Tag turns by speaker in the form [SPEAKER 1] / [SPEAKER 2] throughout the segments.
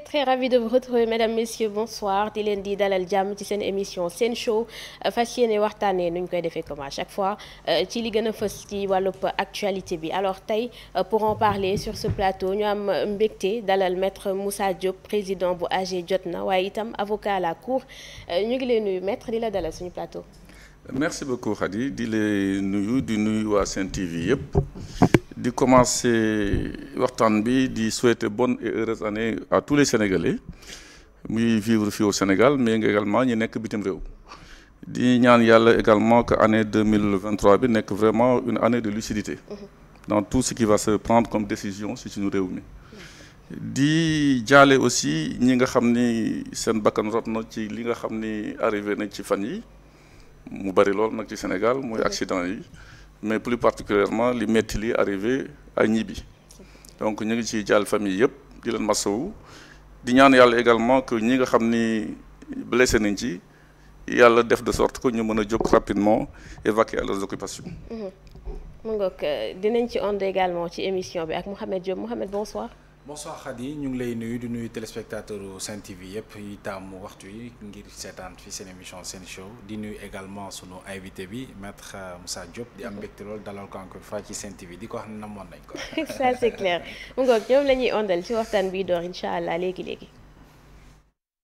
[SPEAKER 1] très très ravie de vous retrouver mesdames messieurs bonsoir di leen di dalal jàmm ci seen émission seen show euh, fas yéene waxtaanee nu ñu koy defee comme à chaque fois euh, ci li gën a fës ci wàllub actualité bi alors tey euh, pour en parler sur ce plateau ñu am mbégte dalal maître Moussa Diop président bu jot na waaye itam avocat à la cour ñu ngi leen nuyu maître di la dalal suñu plateau.
[SPEAKER 2] merci beaucoup Khady di la nuyu di nuyu waa di commencer waxtaan bi di souhaiter bon et heureuse année à tous les Sénégalais muy vivre fii au Sénégal mais nga également ñi nekk bitim réew di ñaan yàlla également que année deux mille vingt trois bi nekk vraiment une année de lucidité mm-hmm. dans tout ce qui va se prendre comme décision si suñu réew mi di jaale aussi ñi nga xam ni seen bakkan rot na ci li nga xam ni arrivé nañ ci fan yi mu bari lool nag ci Sénégal mooy mm-hmm. accident yi mais plus particulièrement li metti li arrivé ay ñibbi donc ñu ngi ciy jàll famille yëpp di leen masawu di ñaan yàlla également que ñi nga xam ni blessé nañ ci yàlla def de sorte que ñu mën a jóg rapidement évacuer à leurs occupations.
[SPEAKER 1] Mmh. mu ngoog euh, dinañ ci onde également ci émission bi ak Mouhamed Diop Mouhamed bonsoir. bonsoir
[SPEAKER 3] Khady ñu ngi lay nuyu di nuyu téléspectateur Sen TV yëpp yi taamu waxtu yi ngir seetaan fi seen émission seen show di nuy également sunu invité bi maître euh, Moussa Diop di am mm-hmm. mbégte lool dalal ko encore fois ci Sen TV di ko wax ne namoon nañ ko.
[SPEAKER 1] ça c'est clair mu ngoog ñoom la ondal ci waxtaan bi door incha allah léegi léegi.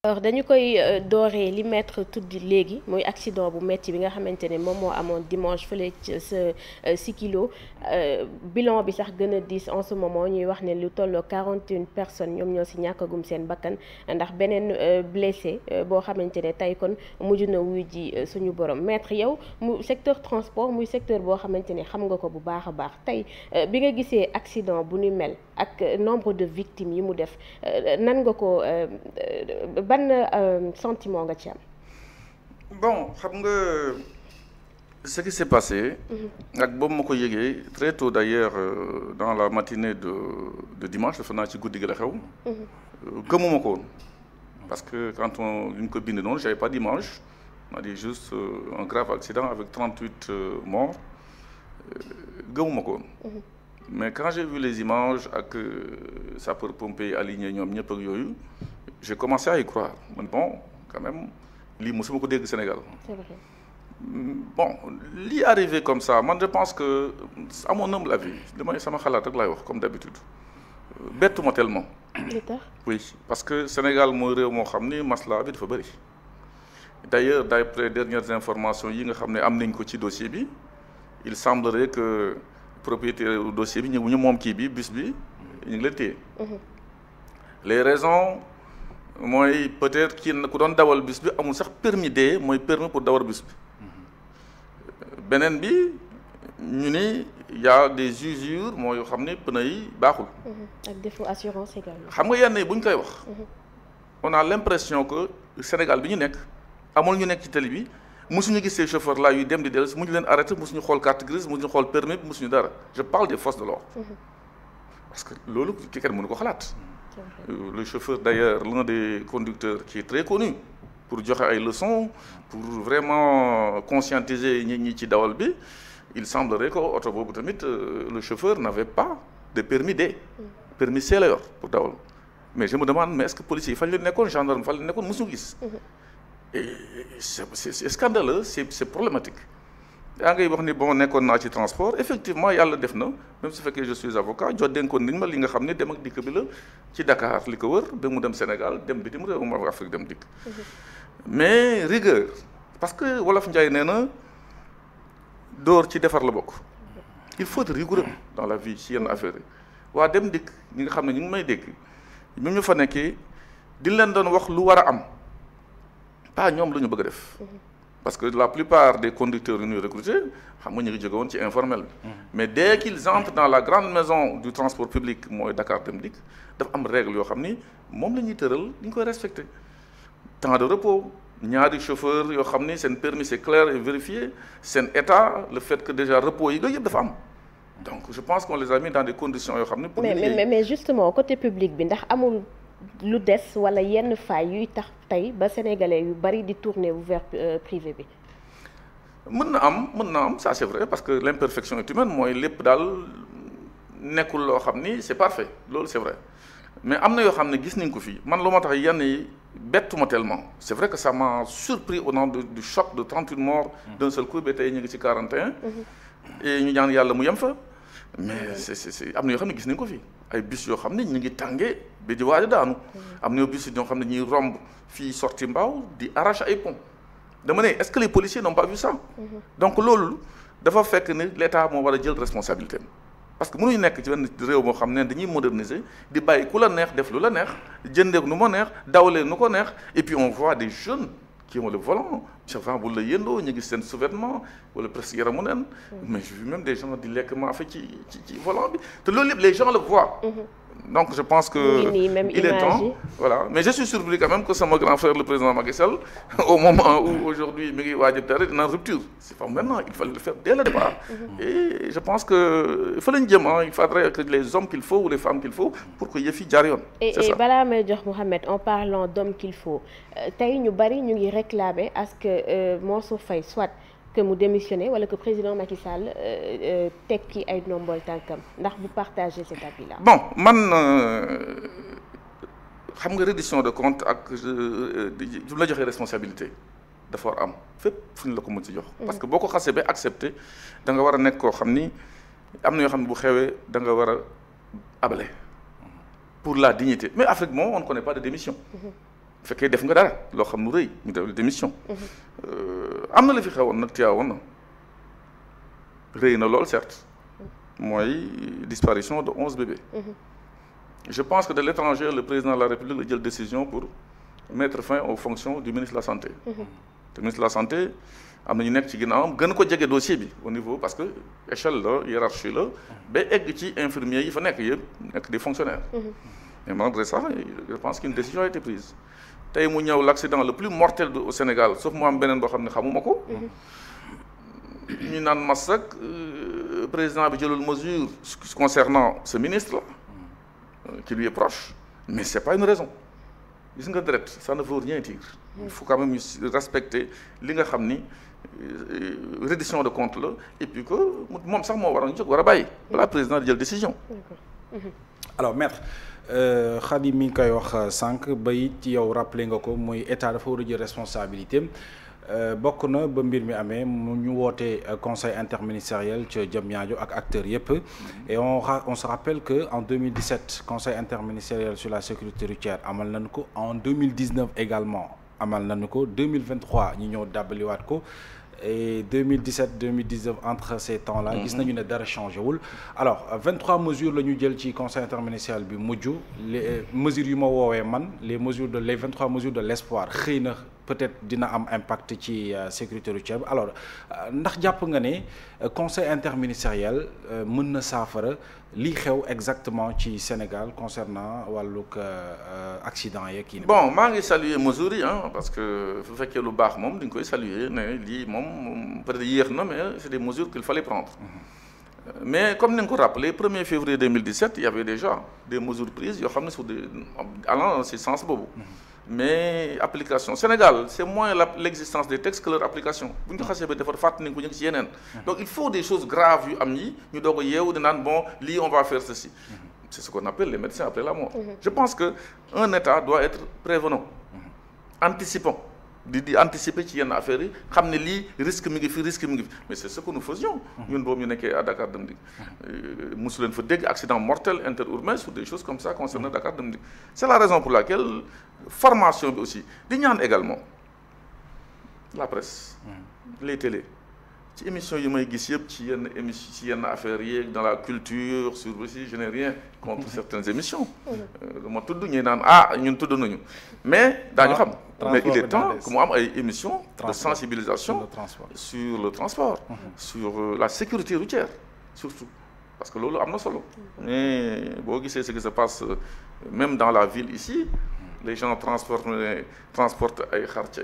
[SPEAKER 1] alors dañu koy euh, dooree li maître tudd léegi muy accident bu metti bi nga xamante ne moom moo amoon dimanche fële sa euh, si kilo euh, bilan bi sax gën a diis en ce moment ñuy wax ne lu tolloo 41 personnes ñoom ñoo si ñàkkagum seen bakkan ndax beneen blessé boo xamante ne tey kon mujj na wuy ji suñu borom maître yow mu secteur transport muy secteur boo xamante ne xam nga ko bu baax a baax tey bi nga gisee accident bu ñu mel. ak nombre de victimes yi mu def euh, nan nga ko euh, ban euh, sentiment nga ci am.
[SPEAKER 2] bon xam nga ce qui s'est passé. Mhm. ak boobu ma ko yëgee très tôt d'ailleurs dans la matinée de de dimanche dafa naa ci guddi gi la xew.
[SPEAKER 4] Mhm.
[SPEAKER 2] gëmuma ko woon parce que quand on ñu ko bind noonu j'avais pas d'image on a dit juste un grave accident avec 38 morts gëmuma ko woon. Mhm. mais quand j'ai vu les images ak sapeurs-pompiers alignés ñoom ñëpp ak yooyu je commencé à y croire bon quand même lii mosuma ko dégg Sénégal. c'est mm, bon lii arrivé comme ça man je pense que à mon humble avis damay sama xalaat rek laay wax comme d'habitude euh, bettu ma tellement. oui parce que Sénégal mooy réew moo xam ni maslaa bi dafa bëri. d'ailleurs d'après dernières informations yi nga xam ne am nañ ko ci dossier bi il semblerait que. propriétaire dossier bi ñu ñu moom kii bi bis bi ñu ngi la téye mhm. les raison mooy peut-être kii ku doon dawal bis bi amul sax permis de mooy permis pour dawal bus bi mhm. beneen bi ñu ni y des usures mooy yoo xam ne pneu yi baaxul.
[SPEAKER 1] Mhm.
[SPEAKER 2] xam nga yenn yi bu ñu koy wax. on a l'impression que Sénégal bi ñu nekk amul ñu nekk ci tali bi. musuñu gis ces chauffeurs là yuy dem di dellu si muñu leen arrêté musuñu xool carte grise musuñu xool permis bi musuñu dara je parle des forces de l'ordre mhm. parce que loolu ki kenn mënu ko xalaat mhm. euh, le chauffeur d'ailleurs l'un des conducteurs qui est très connu pour joxe ay leçons pour vraiment conscientiser ñi ñi ci dawal bi il semblerait que oto boobu tamit euh, le chauffeur n'avait pas de permis D mhm. permis C la yor pour dawal mais je me demande mais est-ce Eh, c'est scandaleux c'est c'est problématique yaa ngay wax ni bon nekkoon naa ci transport effectivement yàlla def na même su fekkee je suis avocat jot dénkoon nañ ma li nga xam ne dem ak dikk bi la ci Dakar li ko wër ba mu dem Sénégal dem bitim réew mu Afrique dem dikk mm-hmm. mais rigueur parce que wolof Njaay nee na dóor ci defar la bokk il faut être dans la vie ci yenn affaire yi waa dem dikk ñi nga xam ne ñu ngi may dégg ñu ñu fa nekkee di leen doon wax lu war a am pas ah, ñoom la ñu bëgg a def. parce que la plupart des conducteurs yu ñuy recruter xam nga ñu ngi jóge woon ci informel bi. Mmh. mais dès qu'ils entrent dans la grande maison du transport public mooy Dakar Dem Dikk dafa am règle yoo xam ni moom la ñuy tëral ñu koy respecter temps de repos. ñaari chauffeur yoo xam ni seen permis c'est clair et vérifié seen état le fait que déjà repos yi yooyu yëpp am je pense qu'on les a dans des conditions yoo xam ni. pour mais
[SPEAKER 1] mais côté lu des wala yenn faay yuy tax tey ba sénégalais yu bari di tourner vers euh, privé bi.
[SPEAKER 2] mën na am mun na am ça c'est vrai parce que l'imperfection est humaine mooy lépp daal nekkul loo xam ni c'est parfait loolu c'est vrai mais am na yoo xam ne gis nañ ko fii man lu ma tax yenn yi bettuma tellement c'est vrai que ça m'a surpris au nom du choc de 38 morts mmh. d'un seul coup ba tey ñu ngi ci 41. Mmh. et ñu ñaan yàlla mu yem fa mais mmh. c'est c'est am na yoo xam ne gis nañ ko fii. ay bis yoo xam ne ñu ngi tàngee ba di waaj a daanu am na bis ñoo xam ne ñuy romb fii sorti mbaaw di arrache ay pont dama ne est policier que les policiers n'ont pas mm-hmm. donc loolu dafa fekk ni l'État moo war a jël responsabilité parce que mënuñu nekk ci benn réew moo xam ne dañuy moderniser di bàyyi ku la neex def lu la neex jëndeek nu ma neex dawalee nu ko neex et puis on voit des jeunes kii ma le volant chauffeur bu la yëndoo ñu seen sous-vêtement wala presque yaramu neen mm-hmm. mais j'ai vu des gens di lekk maafe ci ci ci volant bi te loolu yëpp les gens le voient. Mm-hmm. donc je pense que oui, même il est voilà mais je suis surpris quand même que sama grand frère le président Macky au moment où aujourd'hui mi ngi waaj a dara dina rupture c'est pas maintenant il fallait le faire dès le départ mhm. et je pense que fa lañ jëm il faudrait les hommes qu'il faut ou les femmes qu'il faut pour que yëf yi jaar yoon et balaa
[SPEAKER 1] may jox Mouhamed en parlant d'hommes qu'il faut euh, tey ñu bari ñu ngi réclamer à ce que euh, Mansour Faye soit que mu démissionné wala que président Macky Sall euh, euh, tekki ay ndombol tànkam ndax bu partagé cet avis là. bon
[SPEAKER 2] man euh, xam nga reddition de compte ak ju la joxee responsabilité dafa war am fépp fu ñu la ko mën ci jox. Mm-hmm. parce que boo ko xasee ba accepté da nga war a nekk koo xam ni am na yoo xam ne bu xewee da war a abale mm-hmm. pour la dignité mais Afrique moom on ne connaît pas de démission. Mm-hmm. bu fekkee def nga dara loo xam lu rëy ñu def démission. Euh, am na la fi xewoon nag teewoon na rëy na lool certes mooy disparition de bébés. Mhm. je pense que de l'étranger le président de la République la jël décision pour mettre fin aux fonctions du ministre de la santé. Mhm. te ministre de la santé am na ñu nekk ci ginnaawam gën ko jege dossier bi au niveau parce que échelle la hiérarchie la ba egg ci infirmiers yi fa nekk yëpp nekk des fonctionnaires. Mhm. mais malgré ça je pense qu'une décision tey mu ñëw l' accident le plus mortel au Sénégal sauf mu am beneen boo xam ne xamuma ko. ñu naan masak euh, président bi jëlul mesure concernant ce ministre là euh, qui lui est proche mais c' est pas une raison gis nga deret ça ne veut rien dire il faut quand même ñu respecter li nga xam ni euh, reddition de compte la et puis que moom sax moo waroon jóg war a bàyyi balaa président di jël décision alors maître Euh, Khady
[SPEAKER 3] mi ngi koy wax euh, sànq ba it yow rappelé nga ko mooy état dafa war a jël responsabilité euh, bokk na ba mbir mi amee mu ñu woote conseil interministériel ca Diamniadio ak acteurs yëpp et on on se rappelle que en 2017 conseil interministériel sur la sécurité routière amal nañu ko en 2019 également amal nañu ko 2023 ñu ñëw dàbbaliwaat ko. et 2017 2019 entre ces temps-là. Mhm. gis nañu ne dara changé wul. alors 23 mesures la ñu jël ci conseil interministériel bi mujj les euh, mesures yu ma woowee man les mesures de les 23 mesures de l'espoir xëy na. peut-être dina am impact ci euh, sécurité routière bi alors euh, ndax jàpp nga ne euh, conseil interministériel mën na saafara lii xew exactement ci Sénégal concernant wàllug accident yeeg yi. bon
[SPEAKER 2] maa ngi saluer mesures yi ah parce que su fekkee lu baax moom di koy saluer ne lii moom peut-être yéex na mais c'est des mesures qu'il fallait prendre. Mhm. mais comme ni nga ko rappelé 1er février 2017 il y avait déjà des mesures prises yoo xam ne sur des allant dans sens boobu. Mhm. mais application Sénégal c'est moins l'existence des textes que leur application bu ñu ko xasee ba defar fàttali nañ ko ñu ngi ci yeneen. Mmh. donc il faut des choses graves yu am yi ñu doog a yeewu di naan bon lii on va faire ceci. Mmh. c'est ce qu'on appelle les médecins après la mort. Mmh. je pense que un État doit être prévenant anticipant. di di anticiper ci yenn affaires yi xam ne lii risque mi ngi fi risque mi ngi fi mais c'est ce que nous faisions. Mmh. ñun boobu ñu nekkee à Dakar Dem Dikk. Mmh. Euh, mosu leen fa dégg accident mortel interurbain sur des choses comme ça concernant mmh. Dakar Dem Dikk. c'est la raison pour laquelle formation bi aussi di ñaan également la presse. les télés. ci émission yi may gis yëpp ci yenn émission ci yenn affaires yeeg dans la culture sur aussi je n'ai rien contre certaines émissions euh, ma tudd ñuy naan ah ñun tudd nañu mais daañu xam mais il est temps que mu am ay émissions de sensibilisation sur le transport sur mhm. euh, la sécurité routière surtout parce que loolu am na solo mais boo gisee ce qui se passe euh, même dans la ville ici les gens transportent transportent ay xar ci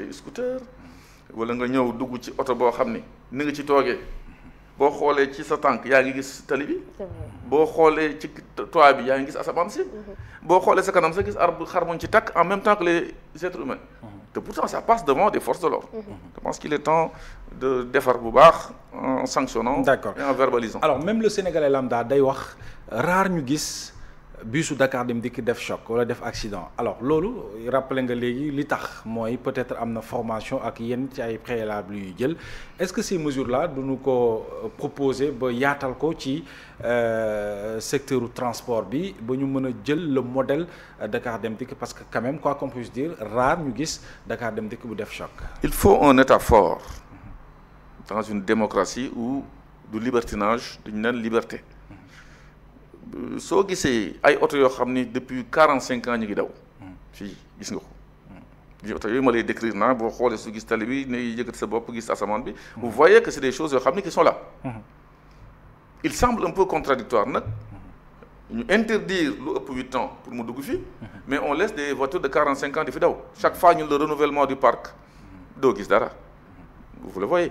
[SPEAKER 2] wala nga ñëw dugg ci oto boo xam ni ni nga ci toogee boo xoolee ci sa tànk yaa ngi gis tali bi boo xoolee ci toit bi yaa ngi gis asamaan si mm-hmm. boo xoolee sa kanam sa gis arbre xar muñ ci takk en même temps que les êtres humains mm-hmm. te pourtant ça passe devant des forces de l'ordre
[SPEAKER 4] mm-hmm.
[SPEAKER 2] je qu'il est temps de defar bu baax en sanctionnant d'accord et en verbalisant alors même
[SPEAKER 3] le sénégalais lambda day wax rare ñu gis bisu Dakar dem dikk def choc wala def accident alors loolu rappelé nga léegi li tax mooy peut-être am na formation ak yenn ci ay préalable yu jël est-ce que ces mesures du duñu ko euh, proposer ba yaatal ko ci euh, secteur transport bi ba ñu mën a jël le modèle euh, Dakar dem dikk parce que quand même quoi qu'on puisse dire rare ñu gis Dakar dem dikk bu def choc.
[SPEAKER 2] il faut un état fort dans une démocratie où du libertinage dañu naan liberté. soo gisee ay oto yoo xam ni depuis quarante cinq ans ñu ngi daw fii gis nga ko ji oto yooyu ma lay naa boo xoolee su gis tali bi ne yëkkati sa bopp gis asamaan bi vous hmm. voyez que c'est des choses yoo xam ni qui sont là hmm. il semble un peu contradictoire nag ñu interdire lu ëpp huit ans pour mu dugg fii hmm. mais on les des voitures de quarante cinq ans di fi daw chaque fois ñun le renouvellement du parc doo gis dara vous le voyez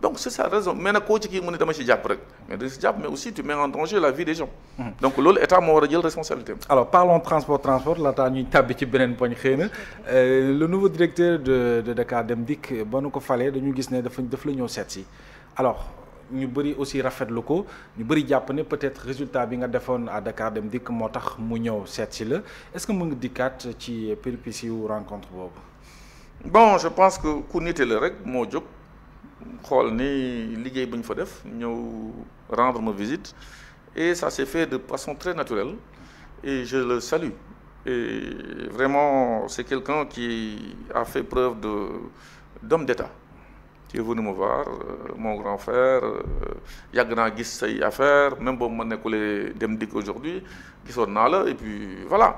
[SPEAKER 2] donc c'est ça raison mais nag koo ci kii mu ne dama ci jàpp rek mais da si jàpp mais aussi tu mets en danger la vie des gens. Mm-hmm. donc loolu état moo war a jël responsabilité
[SPEAKER 3] alors parlons transport transport laataa ñuy tàbbi ci beneen poñ xëy euh, le nouveau directeur de Dakar Dem Dikk ba nu ko falee dañu gis ne dafa daf la ñëw seet si alors ñu bëri aussi rafetlu ko ñu bëri jàpp ne peut-être résultat bi nga defoon à Dakar Dem Dikk moo tax mu ñëw seet si la est-ce que mu ngi dikkaat ci péripétie rencontre
[SPEAKER 2] boobu. bon que ku nite la rek moo jóg. xool ni liggéey bu ñu fa def ñëw rendre ma et ça s'est fait de façon très naturelle et je le salue et vraiment c'est quelqu'un qui a fait preuve de d'homme d'État tu es venu me voir euh, mon grand frère euh, yàgg naa gis say affaire même boobu ma nekkulee dem dikk aujourd'hui gisoon naa la et puis voilà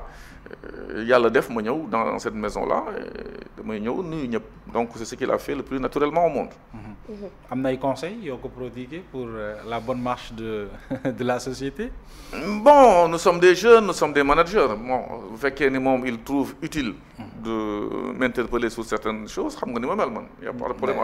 [SPEAKER 2] euh, yàlla def ma ñëw dans cette maison là damay ñëw nuyu ñëpp donc c'est ce qu'il a fait le plus naturellement au monde
[SPEAKER 4] mm-hmm.
[SPEAKER 2] am na ay conseils yoo ko pour la bonne marche de de la société bon nous sommes des jeunes nous sommes des managers bon bu il trouve utile mm-hmm. de m'interpeller sur certaines choses xam nga ni ma y a pas de problème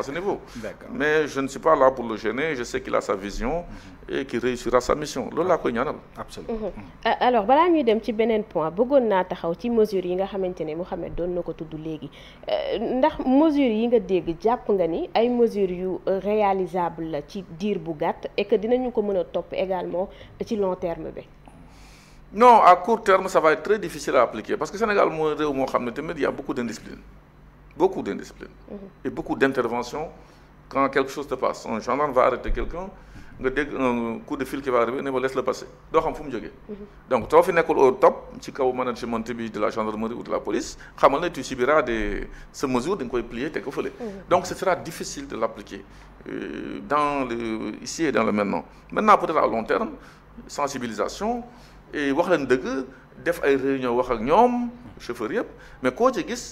[SPEAKER 2] Sonko. mais je ne suis pas là pour le gêner je sais qu'il a sa vision. Mhm. et qu'il réussira sa mission loolu laa koy ñaanal. absolument
[SPEAKER 1] mhm. ah, alors balaa ñuy dem ci beneen point bëggoon naa taxaw ci mesures yi nga xamante ne Mouhamed doon na ko tudd léegi euh, ndax mesures yi nga dégg jàpp nga ni ay mesures yu réyalisable la ci diir bu gàtt et que dinañu ko mën a topp également ci long terme bi.
[SPEAKER 2] non à court terme ça va être très difficile à appliquer parce que Sénégal mooy réew moo xam ne tamit y a beaucoup d'indiscipline. beaucoup d'indiscipline mhm. et beaucoup d'intervention quand quelque chose te passe un gendarme va arrêter quelqu'un nga dégg un de fil qui va arriver ne ma laisse le passer doo xam fu mu jógee mhm. donc soo fi nekkul au top ci kaw management bi de la gendarmerie ou de la police xamal ne tu subiras des sa mesure da nga koy plier te ko fële mhm. donc ce sera difficile de l'appliquer euh, dans le ici et dans le maintenant man na être à long terme sensibilisation et wax leen dëgg def ay réunion wax ak ñoom chauffeur yëpp mais koo ci gis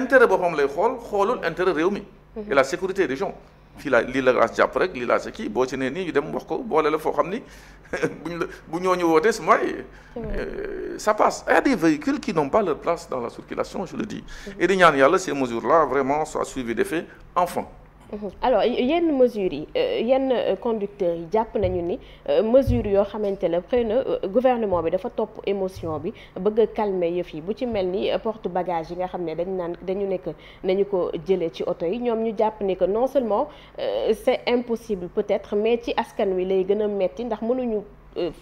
[SPEAKER 2] intérêt boppam lay xool xoolul intérêt réew mi mhm. et la sécurité des gens fii li lii la as jàpp rek lii laa ki kii boo ci nee nii ñu dem wax ko boole la foo xam ni buñ la bu ñooñu wootee su mooy euh, ça passe il a des véhicules qui n'ont pas leur place dans la circulation je le dis mhm. et di ñaan yàlla ces mesures là vraiment soient suivies d'effet enfin
[SPEAKER 1] Mhm. alors yenn mesures yi euh, yenn euh, conducteurs yi jàpp nañu ni euh, mesures yoo xamante la xëy na gouvernement bi dafa topp émotion bi bëgg a calmer yëf yi bu ci mel ni porte bagage yi nga xam ne dañu naan dañu nekk nañu ko jëlee ci oto yi ñoom ñu jàpp ni que non seulement c'est impossible peut-être mais ci askan wi lay gën a metti ndax mënuñu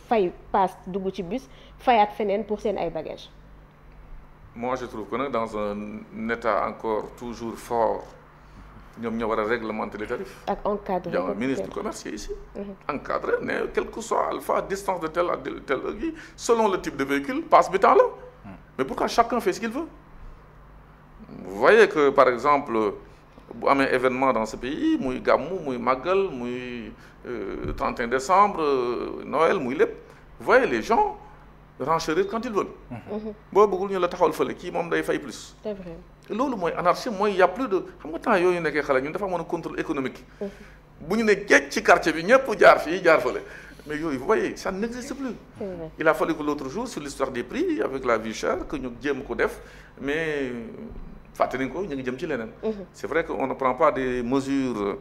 [SPEAKER 1] fay paas dugg ci bus fayaat feneen pour seen ay bagages.
[SPEAKER 2] moi je trouve que nag dans un état encore toujours fort. ñoom ñoo war a réglementer les tarifs.
[SPEAKER 1] ak encadré ko ministre du commerce ici. Mhm.
[SPEAKER 2] encadré mais quel que soit de tel à tel kii selon le type de véhicule passe bi temps la. Hmm. mais pourquoi chacun fait ce qu'il veut. vous voyez que par exemple bu amee événement dans ce pays muy gàmmu muy màggal muy 31 euh, décembre euh, Noël muy lépp vous voyez les gens renchérir quand ils veulent. Mhm. boo bëggul ñu la taxawal fële kii moom day fay plus. c'est vrai. loolu mooy anarchie mooy y' a plus de xam nga temps yooyu nekkee xale ñun dafa amoon contrôle économique.
[SPEAKER 4] Mm-hmm.
[SPEAKER 2] bu ñu ne géej ci quartier bi ñëpp jaar fii jaar fële mais yooyu vous voyez ça n'existe plus. il a fallu que l'autre jour sur l'histoire des prix avec la vie chère que ñu jéem ko def mais fàtte nañ ko ñu ngi jëm ci leneen. Mm-hmm. c'est vrai que on ne prend pas des mesures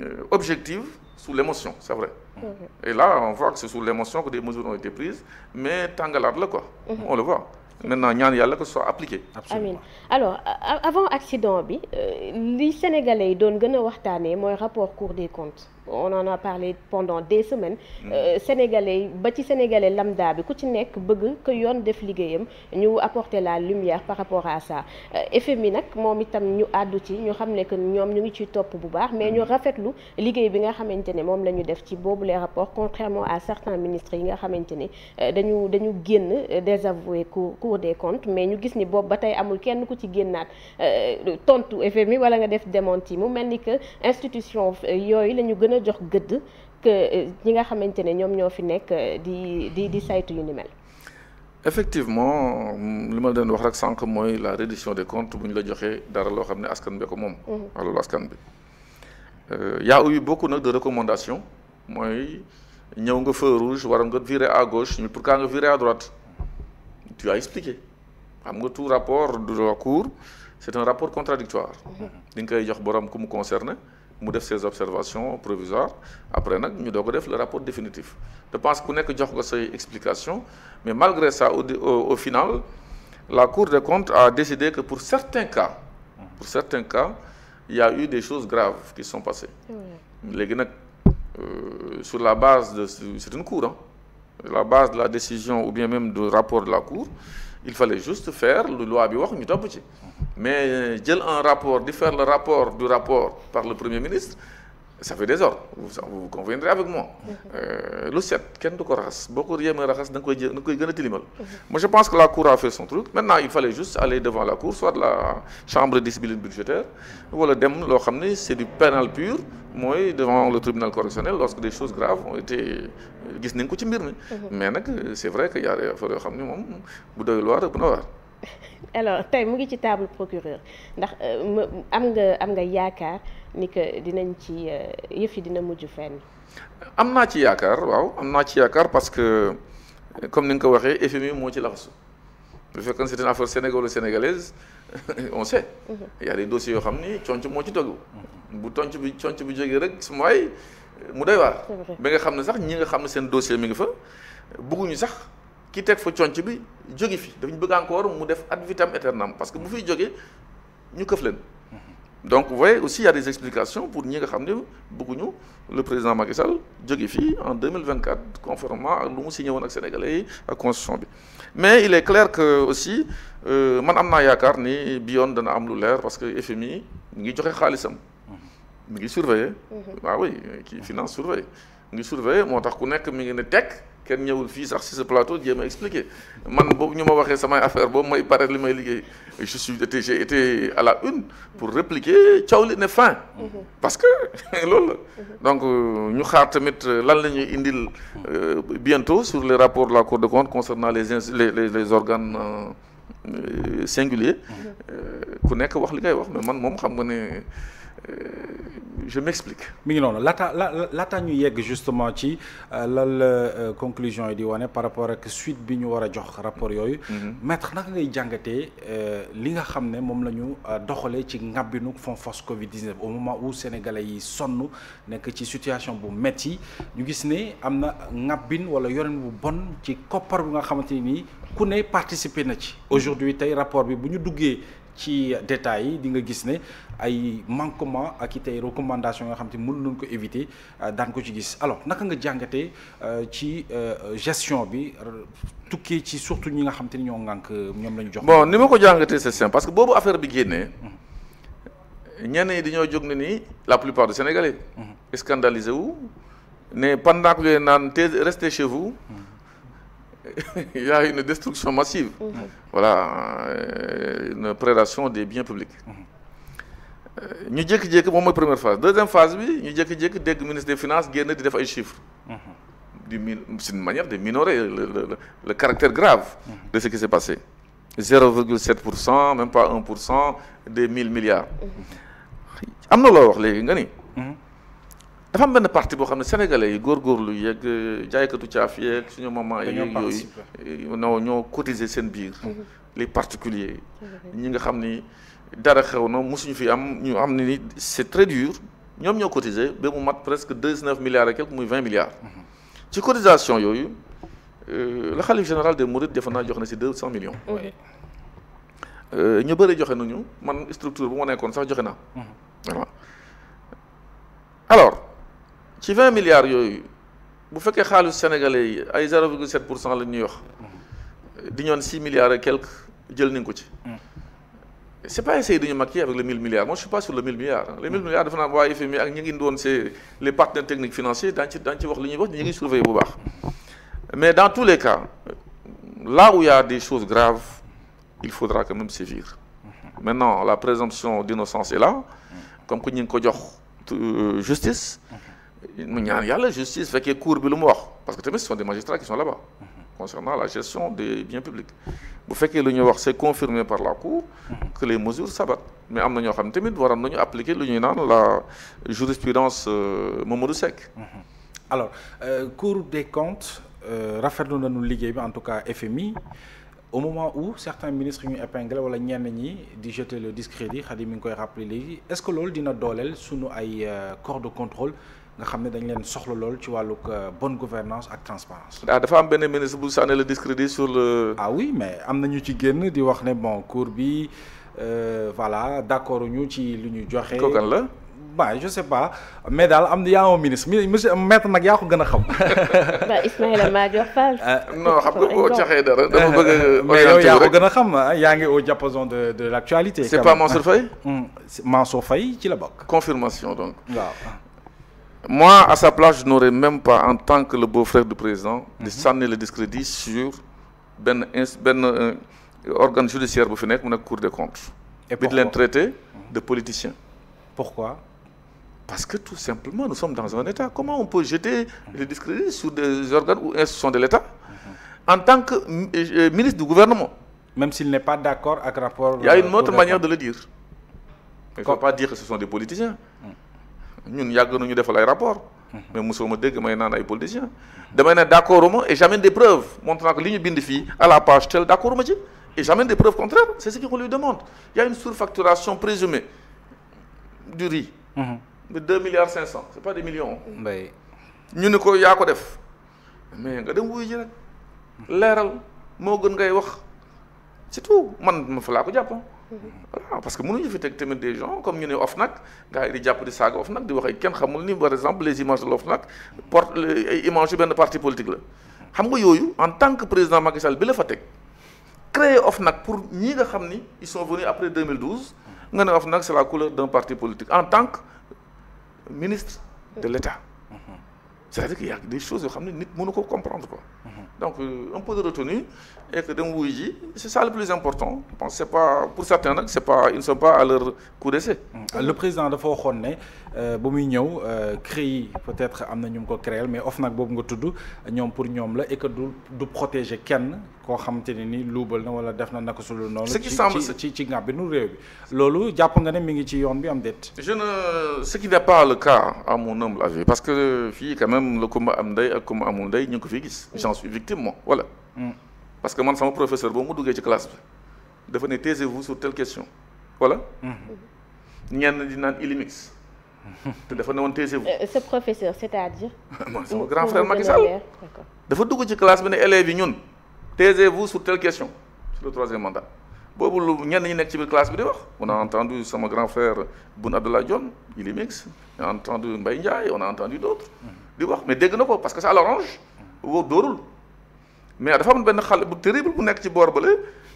[SPEAKER 2] euh, objectives sous l'émotion c'est vrai. Mm-hmm. et la on voit que c'est sous l'émotion que des mesures ont été prises mais tàngalaat la quoi. on le voit. maintenant ñaan yàlla ko ce soit appliqué. amiin
[SPEAKER 1] alors euh, avant accident bi euh, li sénégalais yi doon gën a waxtaanee mooy rapport Cour des comptes. on en a parlé pendant des semaines mm. euh, sénégalais ba ci sénégalais lambda bi ku ci nekk bëgg que yoon def liggéeyam ñu apporter la lumière par rapport à ça euh, FMI nag moom itam ñu àddu ci ñu xam ne que ñoom ñu ngi ciy topp bu baax mais ñu mm. rafetlu liggéey bi nga xamante ne moom la ñu def ci boobu les rapports contrairement à certains ministres yi nga xamante ni euh, dañu dañu génn désavoué cour cour des comptes mais ñu gis ni boobu ba tey amul kenn ku ci génnaat tontu FMI wala nga def démenti mu mel ni que a jox gëdd que euh, ñi nga xamante ne ñoom ñoo fi nekk euh, di di di saytu yu ni mel.
[SPEAKER 2] effectivement li ma leen wax rek sànq mooy la reddition des comptes bu ñu la joxee dara loo xam ne askan bi ko moom. alalu mhm. askan bi. Euh, y a eu beaucoup nag de recommandations mooy ñëw nga feu rouge waroon nga virer à gauche mais pourquoi nga virer à droite tu as expliqué xam nga tout rapport de la cour c'est un rapport contradictoire di mhm. nga jox borom ku mu concerné. mu def ses observations provisoires après nag ñu doog a def le rapport définitif je pense ku nekk jox ko say explication mais malgré ça au, au, au final la Cour des comptes a décidé que pour certains cas pour certains cas il y a eu des choses graves qui sont passées léegi nag euh, sur la base de c'est une cour hein la décision ou bien même du rapport de la Cour il fallait juste faire lu loi bi wax ñu topp ci mais euh, jël un rapport di faire le rapport du rapport par le premier ministre ça fait désordre vous vous conviendrez avec moi. Euh, lu set kenn du ko raxas boo ko yéemee raxas da nga koy jë koy gën a tilimal. Mhm. moi je pense que la cour a fait son truc maintenant il fallait juste aller devant la cour soit la chambre de budgétaire wala dem loo xam ne c'est du pénal pur mooy devant le tribunal correctionnel lorsque des choses graves ont été euh, gis nañ ko ci mbir mhm. mais nag euh, c'est vrai que y a des affaires yoo xam ne moom bu waar na waar.
[SPEAKER 1] alors tey ni que dinañ ci euh, yëf yi dina mujj fenn.
[SPEAKER 2] am naa ci yaakaar waaw am naa ci yaakaar parce que comme ni nga ko waxee FMI moo ci laxasu bu fekkee c'est une affaire sénégalo-sénégalaise on sait. Mhm. il y a yoo xam ni conc moo ci togg. bu tonc bi conc bi jógee rek su waay mu doy waar. ba nga xam ne sax ñi nga xam ne seen dossier mi ngi fa bëgguñu sax. ki teg fa conc bi jóge fi dafa ñu bëgg encore mu def ad vitam aeternam parce que bu fiy jógee ñu këf leen donc vous voyez aussi il y a des explications pour ñi nga xam ne bëgguñu le président Macky Sall jóge fii en 2024 conformément ak lu mu signé woon ak sénégalais yi ak constitution bi mais il est clair que aussi euh, man am naa yaakaar ni bi yoon dana am lu leer parce que FMI mu ngi joxe xaalisam mi ngi surveiller waaw mhm. ah oui qui finance surveiller mu ngi surveiller moo tax ku nekk mi ngi ne tekk kenn ñëwul fii sax si ce plateau jéem a expliquer man boobu ñu ma waxee samay affaire boobu may pare li may liggéey je suis j'ai été à la une pour répliquer coow li ne fin parce que loolu la donc euh, ñu xaar tamit euh, lan la ñuy indil euh, bientôt sur les rapport de la Cour des comptes concernant les les les, les organes euh, ku nekk wax li ngay wax mais man moom xam nga ne Euh, je m'explique mi ngi noonu laata
[SPEAKER 3] la laata ñu yegg justement ci euh, lan la euh, conclusion yi di wane par rapport ak suite bi ñu war a jox rapport yooyu mhm. maître naka ngay jàngatee li nga xam ne moom la ñu doxalee ci ngabinu fonds force covid 19 au moment où sénégalais yi sonn nekk ci situation bu métti ñu gis ne am na ngàbbin wala yorin bu bon ci koppar bu nga xamante ni ku ne participer na ci aujourd'hui tey rapport bi bu ñu duggee ci détails yi di nga gis ne ay manquement ak it ay recommandations yoo xam te mën nañ ko éviter euh, daan ko ci gis alors naka nga jàngatee euh, ci euh, gestion bi tukkee ci surtout ñi nga xam te ni ñoo ŋànk ñoom la ñu jox. bon ni ma ko
[SPEAKER 2] jàngatee c'est simple parce que boobu affaire bi génnee. ñenn yi dañoo jóg ne ni la plupart de Sénégalais. Mhm. scandalisé wu ne pendant que ngeen naan te restez chez mhm. il y a une destruction massive. Mmh. voilà euh, une prédation des biens publics. Euh, ñu jékki-jékki moom mooy première phase deuxième phase bi ñu jékki-jékki dégg ministre des finances génn di def ay chiffres. Mmh. di min c'est une manière de minorer le, le, le, le caractère grave. Mmh. de ce qui s'est passé. 0,7 pour cent même pas 1 pour cent des mille milliards.
[SPEAKER 4] Mmh.
[SPEAKER 2] am na loo wax léegi nga dafa am benn parti boo xam ne sénégalais yi góorgóorlu yeeg euh, jaaykatu caaf yeeg suñu maman yeeg yooyu non ñoo cotiser seen biir mhm. les particulier ñi nga xam ni dara xew na mosuñu fi am ñu am ne ni c'est ñoom ñoo cotiser ba mu mat presque dix-neuf milliards et quelque muy vingt milliards mhm. ci cotisation yooyu euh, la xalif général des mourides defe naa jox na si deux cent millions euh, ñu bëri joxe nañu man structure bu ma nekkoon sax joxe naa mhm. ci vingt milliards yooyu bu fekkee xaalis sénégalais yi ay zéro virgule sept pour cent la ñuy wax di ñoon six milliards et quelques jël nañ ko ci. c' est pas essayer de ñu maquiller avec les mille milliards moi le mille milliards les mille milliards dafa naan waaye FMI ak ñi ngi doon c'est les partenaires techniques financiers ci daañu ci wax li ñuy wax baax mais dans tous les cas là ou il y a des choses graves il faudra quand même sévir maintenant la présomption d'innocence est là comme que ñu ngi ko jox euh, justice mu ñaan yàlla justice fekkee cour bi lu mu wax parce que tamit ce sont des magistrats qui sont là concernant la gestion des biens publics bu fekkee lu ñuy wax se confirmé par la cour que les mesures s'abattent mais am na ñoo xam ne tamit waroon nañu appliquer lu ñuy naan la jurisprudence euh, Mamadou Seck
[SPEAKER 3] mhm. alors euh, cour des comptes na euh, nañu liggéey bi en tout cas FMI au moment où certains ministres ñu épinglé wala ñenn ñi di jeter le discrédit Khady mi ngi koy rappelé léegi est-ce que loolu dina dooleel sunu ay euh, corps de contrôle nga xam ne dañ leen soxla lool ci wàllu euh, bonne gouvernance ak transparence
[SPEAKER 2] ah dafa am benn ministre bu sànni le discrédit
[SPEAKER 3] sur le. ah oui mais am na ñu ci génn di wax ne bon cour bi euh, voilà d' accord ñu ci lu ñu joxe. kookan la. ba je sais pas mais daal am na yaa ngi ministre monsieur maître nag yaa ko gën a
[SPEAKER 2] xam. waaw
[SPEAKER 1] euh, xam nga boo caxee
[SPEAKER 2] dara dama bëgg a. mais yow yaa ko gën
[SPEAKER 3] a xam ah, yaa ngi au diapason de de l' actualité. c' est pas Mansour Faye. Hmm, Mansour Faye ci la bokk. confirmation donc waaw.
[SPEAKER 2] moi à sa place je n'aurais même pas en tant que le beau-frère du président di mhm. sànni le discrédit sur benn ins benn euh, organe judiciaire bu fi nekk mu nekk cour des comptes bi di leen traité mhm. de politicien pourquoi parce que tout simplement nous sommes dans un état comment on peut jeter mhm. le discrédit sur des organes ou institutions de l'état en tant que euh, euh, ministre du gouvernement même s'il n'est pas d'accord avec rapport il y a une autre manière de le dire il ne faut pas dire que ce sont des politiciens ñun yàgg nañu defal ay rapport mhm. mais mosoo ma dégg may naan ay politiciens damay ne d' accord ma et jamais des preuves montrant que li ñu bind fii la page telle d' accord ma ci et jamais des preuves contraires c' est ce qu'on lui demande il y a une surfacturation présumée de mhm. deux milliards cinq cent c' est pas des millions. mbay ñu ne ko yaa ko def mais nga dem wuyu ji rek leeral moo gën ngay wax c'est tout man ma fa laa ko jàpp.
[SPEAKER 4] waaw
[SPEAKER 2] ah, parce que mënuñu fi teg tamit des gens comme ñu ne OFNAC gars yi di jàpp di saaga OFNAC di wax ay kenn xamul ni par exemple les images de l'OFNAC porte ay images yu benn parti politique la xam nga yooyu en tant que président Macky bi la fa teg créé OFNAC pour ñii nga xam ni ils sont venus après 2012 nga ne OFNAC c'est la couleur d'un parti politique en tant que ministre de l'État mm-hmm. c'est-à-dire qu'il y a des choses yoo xam ne nit munu ko comprendre ko donc euh, un peu de retenue et que dem wuy c'est ça le plus important pense c'est pas pour certains nag c'est pas ils ne sont pas à leur coup d'essai euh, le
[SPEAKER 3] président dafa waxoon ne euh, ba muy ñëw CREI peut-être am na ñu mu ko créer mais OFNAC boobu nga tudd ñoom pour ñoom la et que du protéger kenn koo xamante ne ni luubal na wala def na naka su lu noonu ce qui semble ci ci ngàbbinu réew bi loolu
[SPEAKER 2] jàpp nga ne mi ngi ci yoon bi am déet je ne ce qui n'est pas le cas parce que fii quand même le kumba am ndey ak kumba amul ndey ñu ngi gis j'en suis victime moom mm. parce que man sama professeur boo mu duggee ci classe bi dafa ne taisez-vous sur telle question voilà. Mm-hmm. ñenn di naan Ilimix. te dafa ne woon taisez-vous.
[SPEAKER 1] Euh, ce professeur c'est-à-dire.
[SPEAKER 2] mooy ne sur telle question sur le troisième mandat boobu lu ñenn ñi nekk ci biir classe bi di wax. on a entendu sama grand frère Boun Abdallah Dionne Ilimix on a entendu Mbaye Ndiaye on a entendu d'autres mm-hmm. di wax mais dégg na ko parce que ça l'arrange. woo dóorul mais dafa am benn xale bu terrible bu nekk ci boor bale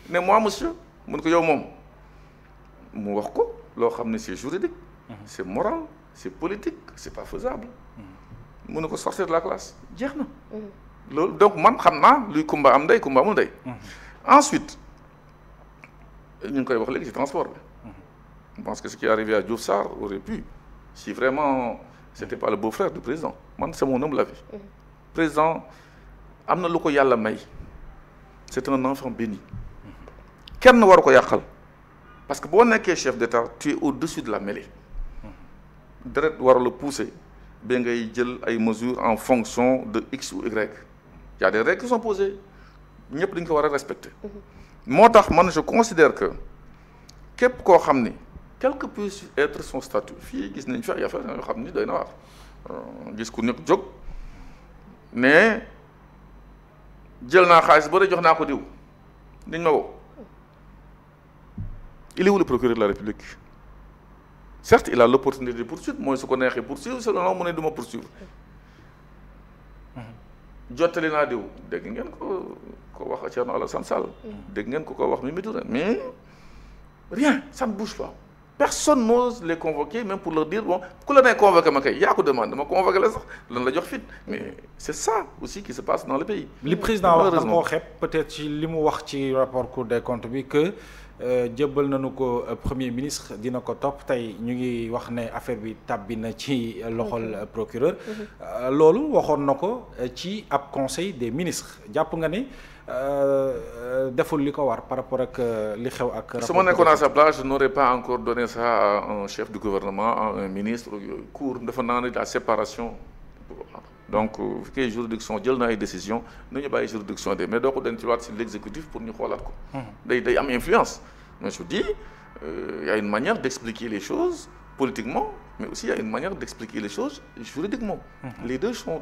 [SPEAKER 2] ne moi monsieur mun ko yow moom mu wax ko loo xam ne c'est juridique mhm. c'est moral c'est politique c'est pas faisable mhm. mun na ko sortir de la classe jeex na mhm. loolu donc man xam naa luy kumba am ndey kumba amul ndey ensuite ñu ngi koy wax léegi ci transport bi que ce qui est arrivé à Diouf Sarr aurait pu si vraiment c'était pas le beau-frère du président man c'est mon la avis président am na lu ko yàlla may c'est un enfant béni kenn waru ko yàqal parce que boo nekkee chef d'état tu es au-dessus de la mêlée deret waru la pousser ba ngay jël ay mesures en fonction de x ou y y a des règles qui sont posées ñëpp dañ ko war a respecter moo tax man je considère que képp koo xam ni quelque que puisse être son statut fii gis nañ fi ay affaire yoo xam ni doy na waar euh, gis ku nekk jóg mais jël naa xaalis ba jox naa ko diw dañ ma woo il est où procureur la République certes il a l'opportunité pour poursuivre mooy su ko neexee pour poursuivre sinon mu ne du ma poursuivre jottali naa diw dégg ngeen ko ko wax Thierno Alassane Sall mm. dégg ngeen ko ko wax Mimi Touré mais rien ça ne bouge personne n'ose les convoquer même pour leur dire bon ku la nee convoqué ma kay yaa ko demande dama convoqué la sax lan la jox fit mais c' est ça aussi qui se passe dans le pays. li président wax na koo
[SPEAKER 3] xeeb peut-être ci li mu wax ci rapport Cour des comptes bi que euh, jëbal nañu ko euh, premier ministre dina ko topp tey ñu ngi wax ne affaire bi tàbbi na ci loxol euh, procureur. Mhm. loolu waxoon na ko ci ab conseil des ministres jàpp nga ne. Euh, euh, deful li ko war par rapport ak euh, li xew ak. su ma nekkoon à sa
[SPEAKER 2] place je pas encore donné ça à un chef du gouvernement à un ministre yooyu cour dafa naa ne la séparation. donc bu fekkee juridiction jël na ay décision nañu bàyyi juridiction de mais doo ko den ci waat si l'exécutif pour ñu xoolaat ko. day day am influence. mais je dis il y une manière d'expliquer les choses politiquement. mais aussi il y a une manière d'expliquer les choses juridiquement. Mhm. Les deux sont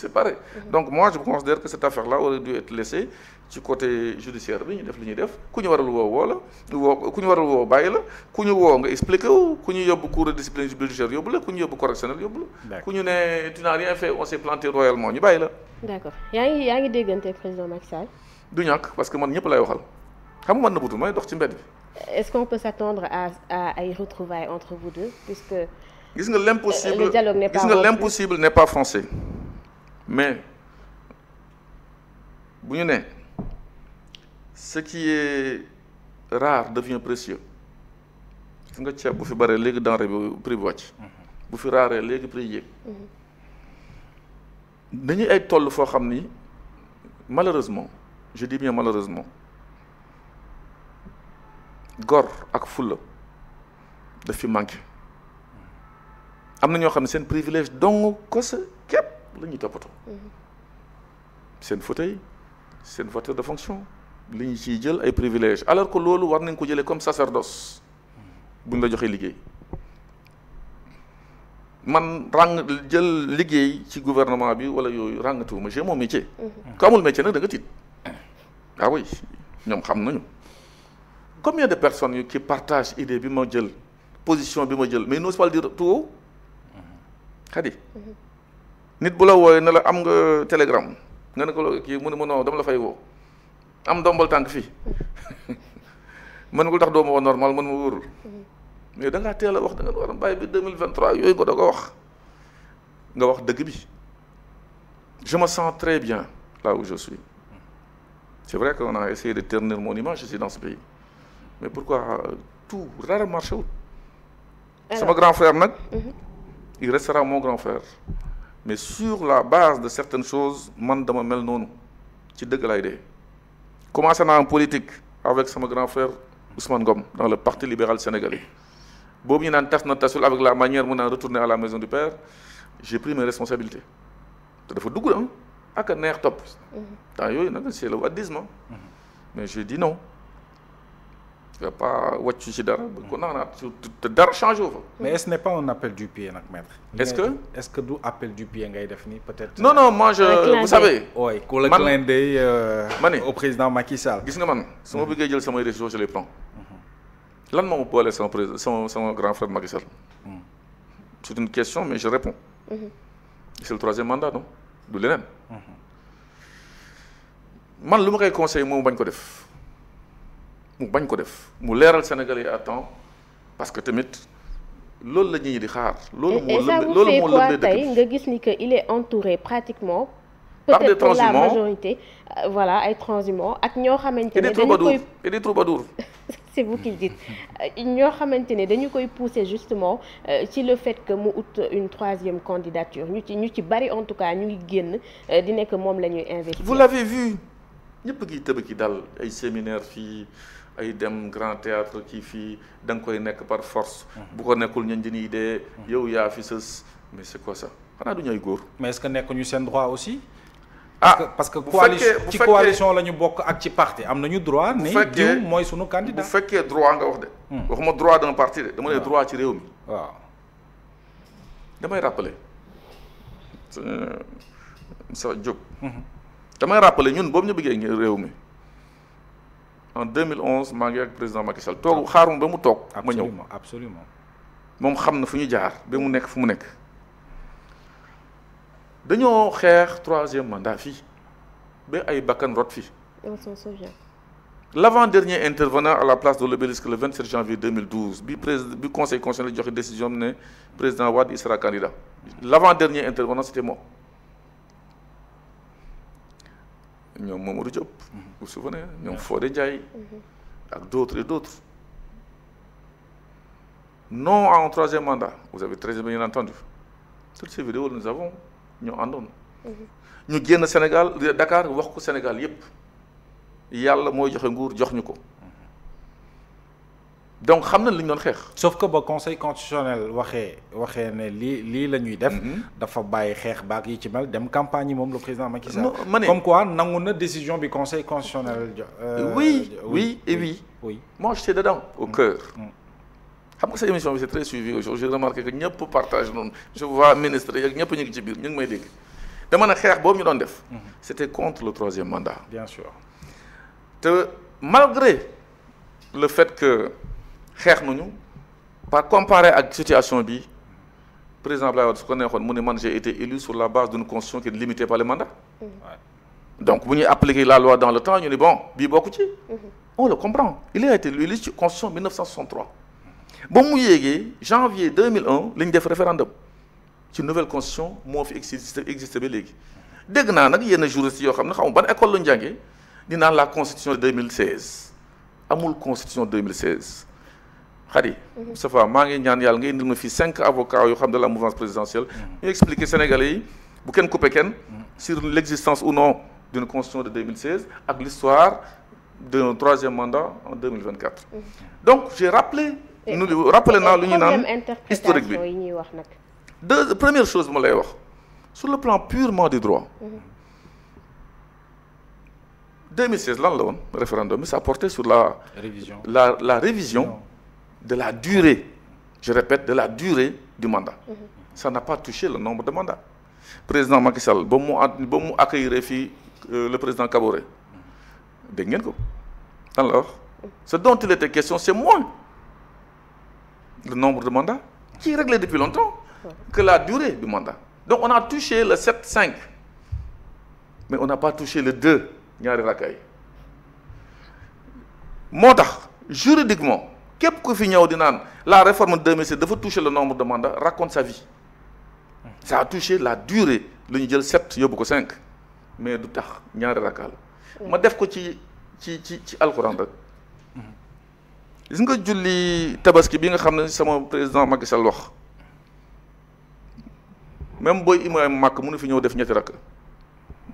[SPEAKER 2] c'est pareil. Donc moi je considère que cette affaire-là aurait dû être laissée ci côté judiciaire bi ñu def li ñuy def ku ñu waral woo woo la woo ku ñu waral woo bàyyi la ku ñu woo nga expliqué wu ku ñu yóbbu cour discipline judiciaire yóbbu la ku ñu yóbbu correctionnel yóbbu la. ku ñu ne tu n'as rien fait on s'est planté royalement ñu bàyyi la.
[SPEAKER 1] d'accord yaa ngi yaa ngi déggante président Macky Sall.
[SPEAKER 2] du ñàkk parce que man ñëpp lay waxal xam nga man na butu may dox
[SPEAKER 1] est-ce qu'on peut s'attendre à à ay entre vous deux puisque. gis nga l'impossible le dialogue n'est pas gis nga l'impossible
[SPEAKER 2] n'est français mais bu ñu ne ce qui est rare devient précieux gis nga ceeb bu fi baree léegi denrée bi prix bi bu fi raaree léegi prix yéeg dañuy mhm. ay toll foo xam ni malheureusement je dis bien malheureusement. gor ak fulla daf fi manqué am na ñoo xam ne seen privilège dong ko sa képp la ñuy toppatoo seen fauteuil seen voiture de fonction li ñu ciy jël ay privilège alors ko loolu war nañ ko jëlee comme sacerdoce bu ñu la joxee liggéey man ràng jël liggéey ci gouvernement bi wala yooyu ràngatuwuma j'ai mon métier. Mm-hmm. ku amul métier nag da nga tiit ah oui ñoom xam nañu. combien de personne personnes qui partage idée bi ma jël position bi ma jël mais n'osent pas le dire tout nit bu la wooyee ne la am nga télégramme nga ne ko la kii mu ne ma non dama la fay woo am ndombal tànk fii mën nga tax doo ma woo normal mën ma wóorul mais da ngaa teel a wax da nga war a bàyyi bi yooyu nga doog a wax nga wax dëgg bi je me sens très bien là où je suis c'est vrai qu'on a essayé de ternir mon image ici dans ce pays mais pourquoi euh, tout dara marché wul
[SPEAKER 4] sama grand frère nag mhm.
[SPEAKER 2] il restera mon grand frère mais sur la base de certaines choses man dama mel noonu ci dëgg laay dee commencé naa en politique avec sama grand frère Ousmane Ngom dans le parti libéral sénégal boobu ñu naan tas na tasul avec la manière mu naan retourner à la maison du père j'ai pris mes responsabilités te dafa dugg ah ak a neex topp mhm. temps yooyu nag c'est le wadisme mhm. mais j'ai dit non je vais pas wàccu dara bu ko naanaat te dara changé wu fa. mais est
[SPEAKER 3] ce n'est pas un appel du pied nag maître. est ce que est ce que du appel du pied
[SPEAKER 2] def ni peut être. non non moi je vous savez. oui ku la clin
[SPEAKER 3] euh, ma ne président
[SPEAKER 2] Macky Sall. gis nga man su ma bëggee jël samay décisions je les prends mhm. lan moo ma boole sama président sama sama grand frère Macky Sall. Mhm. c' est une question mais je réponds. Mhm. c' est le troisième mandat non du leneen. man lu ma koy conseillé moom bañ ko def. mu bañ ko def mu leeral Sénégalais yi à temps parce que tamit loolu la ñuy di xaar. loolu moo lëb loolu moo lëb tey
[SPEAKER 1] nga gis ni que il est entouré pratiquement. par des transhumants peut-être la majorité euh, voilà ay transhumants ak ñoo xamante ne dañu koy
[SPEAKER 2] et des troubadours
[SPEAKER 1] c'est vous qui le dites euh, ñoo xamante ni dañu koy pousser justement euh, ci le fait que mu ut une troisième candidature ñu ci ñu ci bari en tout cas ñu ngi génn di nekk moom la ñuy investir. vous l'avez vu
[SPEAKER 2] ñëpp a ngi tëb ki dal ay dem grand théâtre kii fii da koy nekk par force. Mhm. bu ko nekkul ñun dañuy de mhm. yow yaa fi sës mais c'est quoi ça xanaa du ñooy góor. mais est-ce que nekkuñu seen droit aussi. ah parce que coalition ci coalition
[SPEAKER 3] la ñu bokk ak ci
[SPEAKER 2] parti am nañu droit. ne diw mooy sunu candidat bu fekkee droit nga wax de. Hmm. waxuma droit d'un parti de dama ne droit ci réew mi. waaw damay rappeler. Euh, sa Diop. Hmm. damay rappeler ñun boobu ñu bëggee réew mi. en 2011 maa ngi ak président Macky Sall toog xaaruma ba mu toog. ma ñëw absolument moom xam na fu ñu jaar ba mu nekk fu mu nekk. dañoo xeex troisième mandat fii ba ay bakkan rot fii. l' avant dernier intervenant à la place de l'obélisque le 27 janvier 2012 bi président bi conseil constitutionnel joxe décision am ne président Wade il sera candidat l' avant dernier intervenant c' était moi. ñoom moom Diop. Mm-hmm. vous vous souvenez ñoom Fodé Ndiaye. Mm-hmm. ak d'autres et d'autres. non à un troisième mandat vous avez très bien entendu toutes ces vidéos nous avons ñoo àndoon.
[SPEAKER 4] Mm-hmm.
[SPEAKER 2] ñu génn Sénégal Dakar wax ko Sénégal yépp yàlla mooy joxe nguur jox ñu ko. donc xam na li ñu doon xeex. sauf
[SPEAKER 3] ko ba conseil constitutionnel waxee waxee ne lii lii la ñuy def. Mm-hmm. dafa bàyyi xeex baak yi ci mel dem campagne moom le président Macky Sall. comme quoi nangu na décision bi conseil constitutionnel.
[SPEAKER 2] Euh, oui oui et oui. oui moi j'étais dedans au mm-hmm. cœur. Mm-hmm. xam nga sa émission bi c'est très suivi aujourd'hui j'ai remarqué que ñëpp partage noonu je vois ministre yeeg ñëpp ñu ngi ci biir ñu ngi may dégg dama ne xeex boobu ñu doon def. c'était contre le troisième mandat. bien sûr te malgré le fait que. xeex ñu par comparé ak situation bi président Abdoulaye Wade su ko neexoon mu ne man j'ai été élu sur la base d'une constitution qui est limitée par les mandats.
[SPEAKER 4] Mmh.
[SPEAKER 2] donc bu ñuy appliquer la loi dans le temps ñu ne bon bii bokku ci. Mm-hmm. on le comprend il a été élu ci constitution 1963. ba mu yéegee janvier 2001 ñu def référendum ci nouvelle constitution moo fi existé bi léegi dégg naa nag yenn juristes yoo xam ne xaw ma école la ñu jàngee di la constitution de 2016 amul constitution 2016. xar yi maa ngi ñaan yàlla nga indil ma fii cinq avocats yoo xam de la mouvance présidentielle ñu expliquer Sénégalais yi bu kenn coupé kenn sur l'existence ou non d'une constitution de 2016 ak l'histoire d'un troisième mandat en donc j'ai rappelé nu lu ñu naan historique bi yi ñuy wax nag deux première chose ma wax sur le plan purement du droit 2016 lan la woon référendum bi porté portait sur la révision la la révision de la durée, je répète, de la durée du mandat. Mm -hmm. Ça n'a pas touché le nombre de mandats. président Macky Sall ba mu ba mu accueillir fii euh, le président Kaboré dégg ngeen ko lan la mhm. dont il était question c'est moins le nombre de mandats qui est depuis longtemps que la durée du mandat donc on a touché le 7 5 mais on n'a pas touché le 2 ñaari rakkaay moo tax juridiquement képp ku fi ñëw di naan la réforme 2007 dafa toucher le nombre de mandats raconte sa vie ça a touché la durée lu ñu jël sept yóbbu ko cinq mais du tax ñaari rakkaa ma def ko ci ci ci ci alxuraan rek gis nga julli tabaski bi nga xam ne sama président Macky Sall wax même booy imaam màkk mënu fi ñëw def ñetti rakk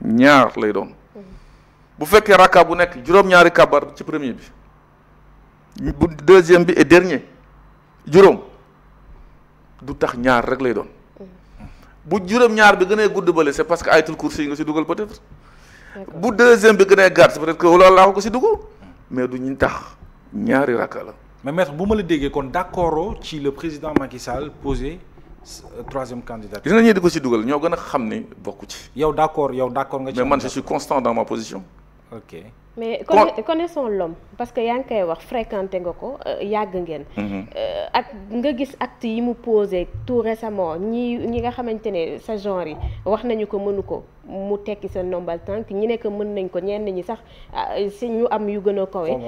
[SPEAKER 2] ñaar lay doon mm-hmm. bu fekkee rakka bu nekk juróom-ñaari kabar ci premier bi bu deuxième bi et dernier juróom du tax ñaar rek lay doon bu juróom ñaar bi gën a gudd bële c'est parce que ayatul kursi yi nga si dugal peut-être bu deuxième bi gën a gàtt peut-être que wala laa ko si dugg mais du ñu tax
[SPEAKER 3] ñaari rakka
[SPEAKER 2] la. mais maître bu ma la déggee kon d'accord
[SPEAKER 3] ci le président Macky Sall posé troisième candidat. gis nga
[SPEAKER 2] ñii di ko si dugal ñoo gën a xam ni
[SPEAKER 3] bokku ci. yow d'accord yow d'accord nga ci. mais man je suis constant dans ma position. ok.
[SPEAKER 1] mais connaissons l'homme parce que yaa ngi koy wax fréquenté nga ko euh, yàgg ngeen. Mhm. Euh, ak nga gis acte yi mu posé tout récemment ñi ñi nga xamante ne sa genre yi wax nañu ko mënu ko mu tekki sa nombal tànk ñi nekk mën nañ ko ñenn ñi sax euh, si ñu am yu gën a kawe.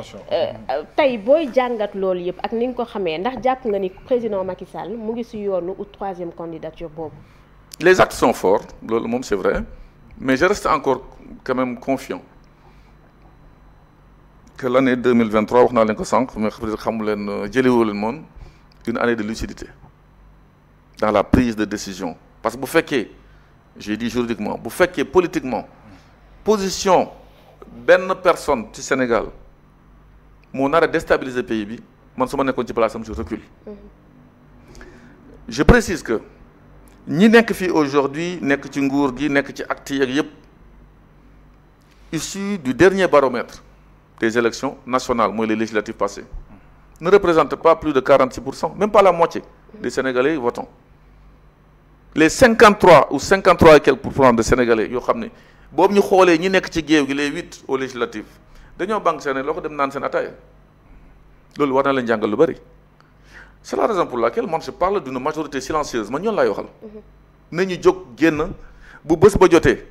[SPEAKER 1] tey booy jàngat loolu yëpp ak ni nga ko xamee ndax jàpp nga ni président Macky mu ngi si yoonu ou troisième candidature boobu.
[SPEAKER 2] les actes sont forts loolu moom c'est vrai mais je reste encore quand même que l' année deux mille vingt trois wax naa leen mais peut être leen euh, jëlewoo leen moon une année de lucidité dans la prise de décision parce que bu fekkee j'ai dit juridiquement bu fekkee politiquement position benn personne ci Sénégal moo nar a déstabiliser pays bi man suma nekkoon ci place am je recule je précise que ñi nekk fii aujourd'hui nekk ci nguur gi nekk ci acte yeeg yëpp issu du dernier baromètre des élections nationales mooy les législatives passées ne représente pas plus de 46 pour cent même pas la moitié des sénégalais votant les 53 ou 53 et pour cent de sénégalais yoo xam ne boobu ñu xoolee ñi nekk ci géew gi les huit aux législatives dañoo banque seen loxo dem naan seen ataaya loolu war leen jàngal lu bëri c'est la raison pour laquelle man je parle d'une majorité silencieuse man ñoon laay waxal
[SPEAKER 4] mm-hmm.
[SPEAKER 2] nañu jóg génn bu bés ba jotee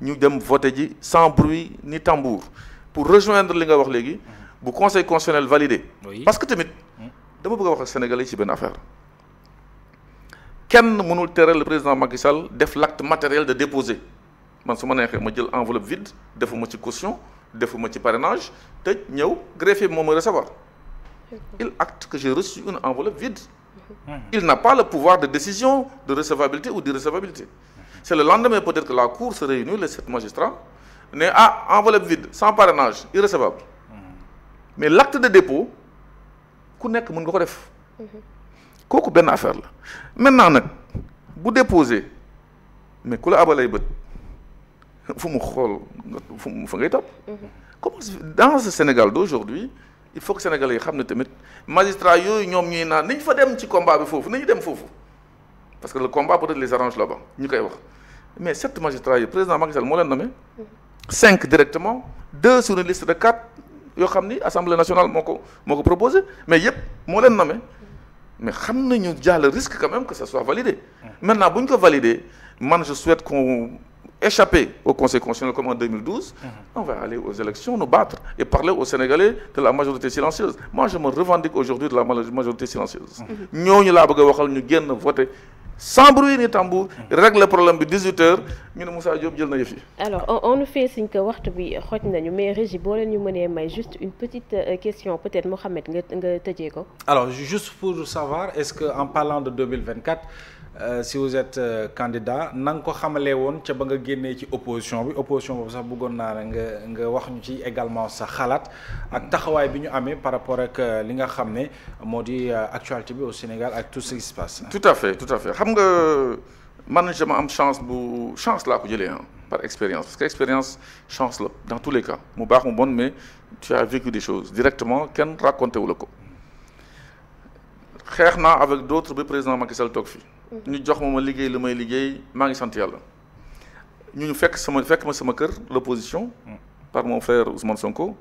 [SPEAKER 2] ñu dem voté ji sans bruit ni pour rejoindre li nga wax léegi bu conseil constitutionnel validé parce que tamit dama bëgg wax ak sénégalais ci benn affaire kenn mënul tere le président Macky Sall def l' matériel de déposer man su ma neexee ma jël enveloppe vide defuma ci caution defuma ci parrainage tëj ñëw greffier bi moo ma recevoir il acte que j'ai reçu une enveloppe vide mhm. il n'a pas le pouvoir de décision de recevabilité ou d'irrecevabilité c'est le lendemain peut-être ne ah enveloppe vide sans parrainage irrecevable mais l' acte de dépôt ku nekk mën nga ko def kooku benn affaire la maintenant nag bu déposé mais ku la abalay bët fu mu xool fu mu fa ngay topp comment dans ce Sénégal d'aujourd'hui il faut que Sénégalais yi xam ne tamit magistrat yooyu ñoom ñuy naan nañ fa dem ci combat bi foofu nañu dem foofu parce que le combat peut-être les arrange là-bas ñu koy wax mais sept magistrats yi président Macky Sall moo leen nommé cinq directement de sur une liste de quatre yoo xam ni assemblée nationale moo ko moo ko proposé mais yëpp moo leen nommé mais xam nañu jàll risque quand même que ça soit validé maintenant bu ñu ko validé man je souhaite qu'on échapper au Conseil constitutionnel comme en 2012, mm-hmm. on va aller aux élections, nous battre et parler aux Sénégalais de la majorité silencieuse. Moi, je me revendique aujourd'hui de la majorité silencieuse. Nous, nous, nous, nous, nous, nous, nous, sans bruit ni tambour règle problème bi 18 heures ñu ne Moussa Diop jël na yëf yi.
[SPEAKER 1] alors on nous fait signe que waxtu bi xoj nañu mais Régis boo leen ñu mënee may juste une petite euh, question peut-être Mouhamed nga nga tëjee ko.
[SPEAKER 2] alors juste pour savoir
[SPEAKER 3] est-ce que en parlant de 2024. Euh, si vous êtes euh, candidat na nga ko xamalee woon ca ba nga génnee ci opposition bi opposition boobu sax bëggoon naa rek nga nga wax ñu ci également sa xalaat ak taxawaay bi ñu amee par rapport ak euh, li nga xam ne moo di actualité bi au Sénégal
[SPEAKER 2] ak tout ce qui se tout à fait tout à fait xam nga man dama am chance bu chance laa ko jëlee ah par expérience parce que expérience chance la dans tous les cas mu baax mu bon mais tu as vécu des choses directement kenn raconté wu la ko. xeex naa avec d' autres bi président Macky Sall toog fii. Mm-hmm. ñu jox ma ma liggéey li may liggéey maa ngi sant yàlla. ñu fekk sama fekk ma sama kër l' opposition. Mm. par mon frère Ousmane Sonko.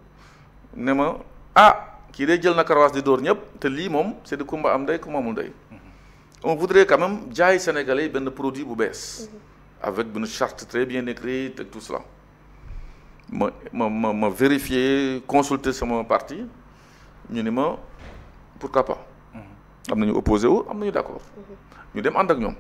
[SPEAKER 2] ne ma ah kii day jël na karawaas di dóor ñëpp te lii moom c' est de kumba am ndey kumba amul ndey. Mm-hmm. on voudrait quand même jaay sénégalais benn produit bu bees. Mm-hmm. avec une charte très bien écrite et tout cela. ma ma ma ma vérifier sama parti ñu ni ma pour pas. am nañu opposé wu am nañu d'accord mhm. ñu dem ànd ak ñoom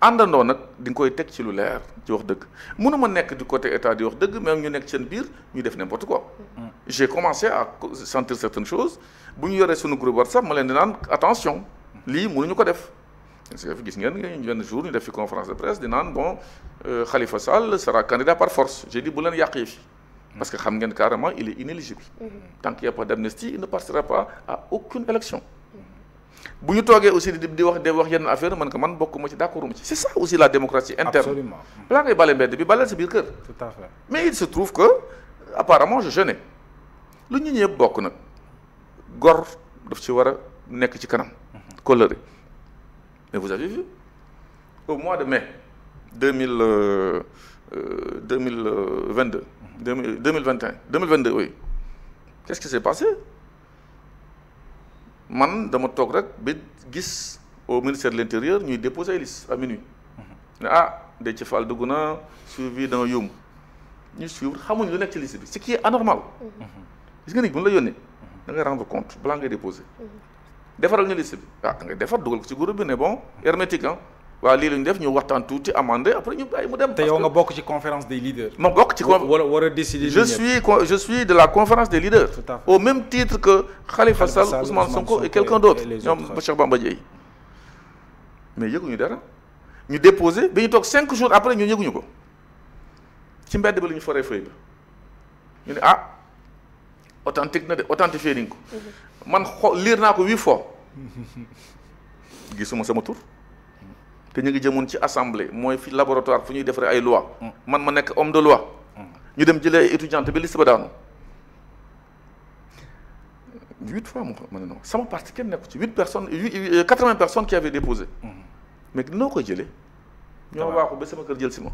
[SPEAKER 2] àndandoo nag di nga koy teg ci lu leer ci wax dëgg ma nekk du côté état di wax dëgg même ñu nekk seen biir ñu def n'importe quoi. Mhm. j'ai commencé à sentir certaines choses bu ñu yoree suñu groupe WhatsApp ma leen di naan attention lii ñu ko def. parce que ngeen ngeen jour ñu def fi conférence de presse di naan bon euh, Khalifa Sall sera candidat par force j'ai dit bu leen yàq fi parce que xam ngeen carrément il est inéligible. Mhm. tant qu'il n'y a pas d'amnistie il ne partira bu ñu toogee aussi di di wax de wax yenn affaire man ko man bokkuma ci d'accorduma ci c'est ça aussi la démocratie interne. absolument mm. balaa ngay bale mbedd bi baleel sa biir kër. à fait mais il se trouve que apparemment je jeûnais lu ñu ñëpp bokk nag gor daf ci war a nekk ci kanam. coloré mm-hmm. mais vous avez vu au mois de mai deux mille euh, euh, mm-hmm. deux mille vingt deux deux mille vingt deux mille vingt deux oui qu'est-ce qui s'est passé. man dama toog rek ba gis au ministère de l' ñuy déposer ay liste à minuit ne ah Déthié Fall dugg na suivi danga yomb ñu suivre xamuñ lu nekk ci liste bi ce qui est anormal. gis nga ni bu la yónnee da ngay rendre compte balaa ngay déposer. defaral ñu liste bi ah da ngay defar dugal ko ci groupe bi ne bon hermétique waaw lii lañ def ñu waxtaan tuuti amande après ñu bàyyi mu dem. bokk ci conférence des leaders. ma bokk ci con a war a décider. je suis je de la conférence des leaders. tout à fait au même titre que. Khalifa Sall Ousmane Sonko et quelqu'un d'autre ñu déposé bi ñu toog cinq jours après ñu yëguñu ko ci mbedd ba la ñu foree feuille ba ñu ne ah authentique na de authentifié nañ ko. Mhm. man xo liir naa ko huit fois gisuma sama tur. te ñu ngi jëmoon ci assemblée mooy fi laboratoire fu ñuy defaree ay loi man ma nekk homme de loi ñu dem jëlee ay étudiante bi liste ba daanu huit fois ma ne non sama parti kenn nekku ci huit personnes huit euh, quatre-vingts personnes qui avaient déposé mais noo koy jëlee ñoo waaxu ba sama kër jël si ma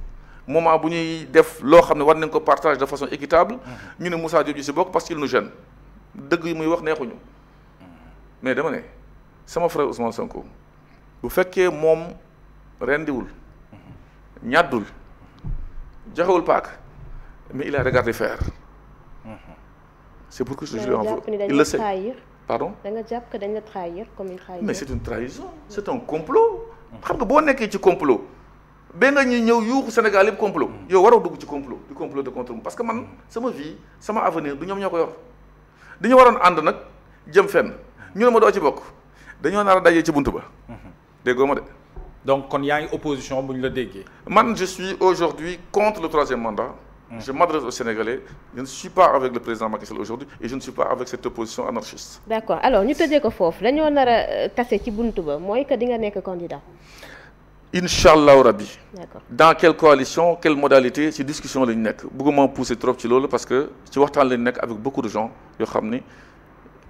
[SPEAKER 2] moment bu ñuy def loo xam ne war nañ ko partage de façon équitable mm-hmm. ñu ne Moussa Diop ñu si bokk parce qu'il nous gêne dëgg yi muy wax neexuñu mm-hmm. mais dama ne sama frère Ousmane Sonko bu fekkee moom rendiwul ñàddul joxewul paak mais il a regardé faire c'est pourquoi je lui en veux il le sait pardon
[SPEAKER 1] da nga jàpp comme une trahison mais c'est
[SPEAKER 2] une trahison c'est un complot xam nga boo nekkee ci complot ba nga ñuy ñëw yuuxu Sénégal yëpp complot yow waroo dugg ci complot di complot de contre parce que man sama vie sama avenir du ñoom ñoo ko yor dañu waroon ànd nag jëm fenn ñu ne doo ci bokk dañoo nar a dajee ci bunt ba déggoo ma de donc kon yaa ngi opposition bu ñu la déggee. man je suis aujourd'hui contre le troisième mandat. Hmm. Je m'adresse aux Sénégalais je ne suis pas avec le président Macky aujourd'hui et je ne suis pas avec cette opposition anarchiste.
[SPEAKER 1] d'accord alors ñu tëjee ko foofu dañoo nar a euh, ci buntu ba mooy que di nekk candidat.
[SPEAKER 2] incha allahu rabi. d'accord dans quelle coalition quelle modalité ci discussion la ñu nekk bëgguma pousser trop ci loolu parce que ci waxtaan la ñu nekk avec beaucoup xam ni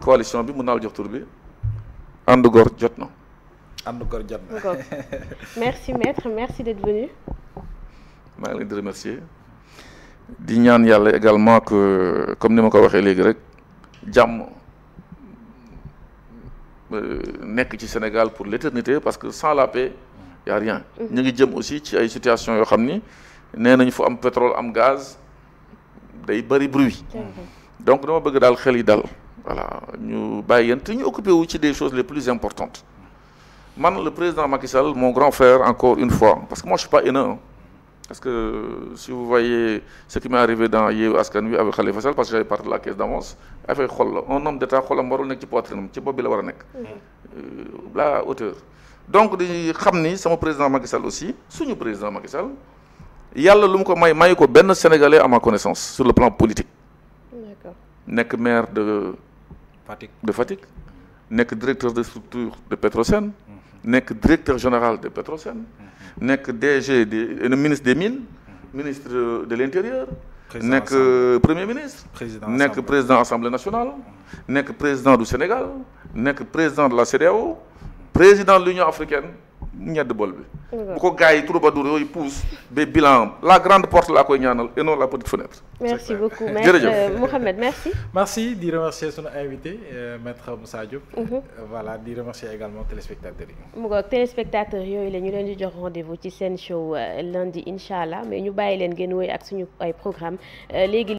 [SPEAKER 2] coalition bi mun naa jox tur bi ànd góor jot na. ànd na
[SPEAKER 1] merci maître
[SPEAKER 2] maa ngi di remercier di ñaan yàlla également que comme ni ma ko waxee léegi rek jàmm euh, nekk ci Sénégal pour l'éternité parce que sans la paix y rien mm-hmm. ñu ngi jëm aussi ci ay situation yoo xam ni nee nañ fu am pétrole am gaz day bëri bruit donc dama bëgg daal xel yi dal voilà ñu bàyyi yéen te ñu occupé wu ci des choses les plus importantes man le président Macky Sall mon grand frère encore une fois parce que moi je suis pas haineux parce que si vous voyez ce qui m'est arrivé dans Yewwi Askan Wi avec Khalifa Sall parce que j'avais parti de la caisse d'avance affaire xol un homme d'état xolam warul nekk ci poitrine ci bopp bi la war a nekk
[SPEAKER 4] mm-hmm.
[SPEAKER 2] la hauteur donc di xam ni sama président Macky Sall aussi suñu président Macky Sall yàlla lu mu ko may mayu ko benn sénégalais à ma connaissance sur le plan politique nekk de Fatick de Fatick nekk directeur de structure de nekk directeur général de Petrosen mhm. nekk DG de euh, ministre des mines ministre euh, de l'intérieur nekk euh, premier ministre nekk président assemblée nationale nekk président du Sénégal nekk président de la CEDEAO président de l'Union africaine ñedd bol bi. bu ko gars yi troubadour yooyu pousse ba bilan la grande porte laa koy ñaanal et non la petite fenêtre.
[SPEAKER 1] merci beaucoup maître euh,
[SPEAKER 3] merci. di remercier sunu invité euh, maître Moussa Diop. Mhm. Euh, voilà
[SPEAKER 1] yooyu la ñu leen di jox rendez-vous ci seen show lundi incha mais ñu bàyyi leen ngeen wéy ak suñu ay programme léegi.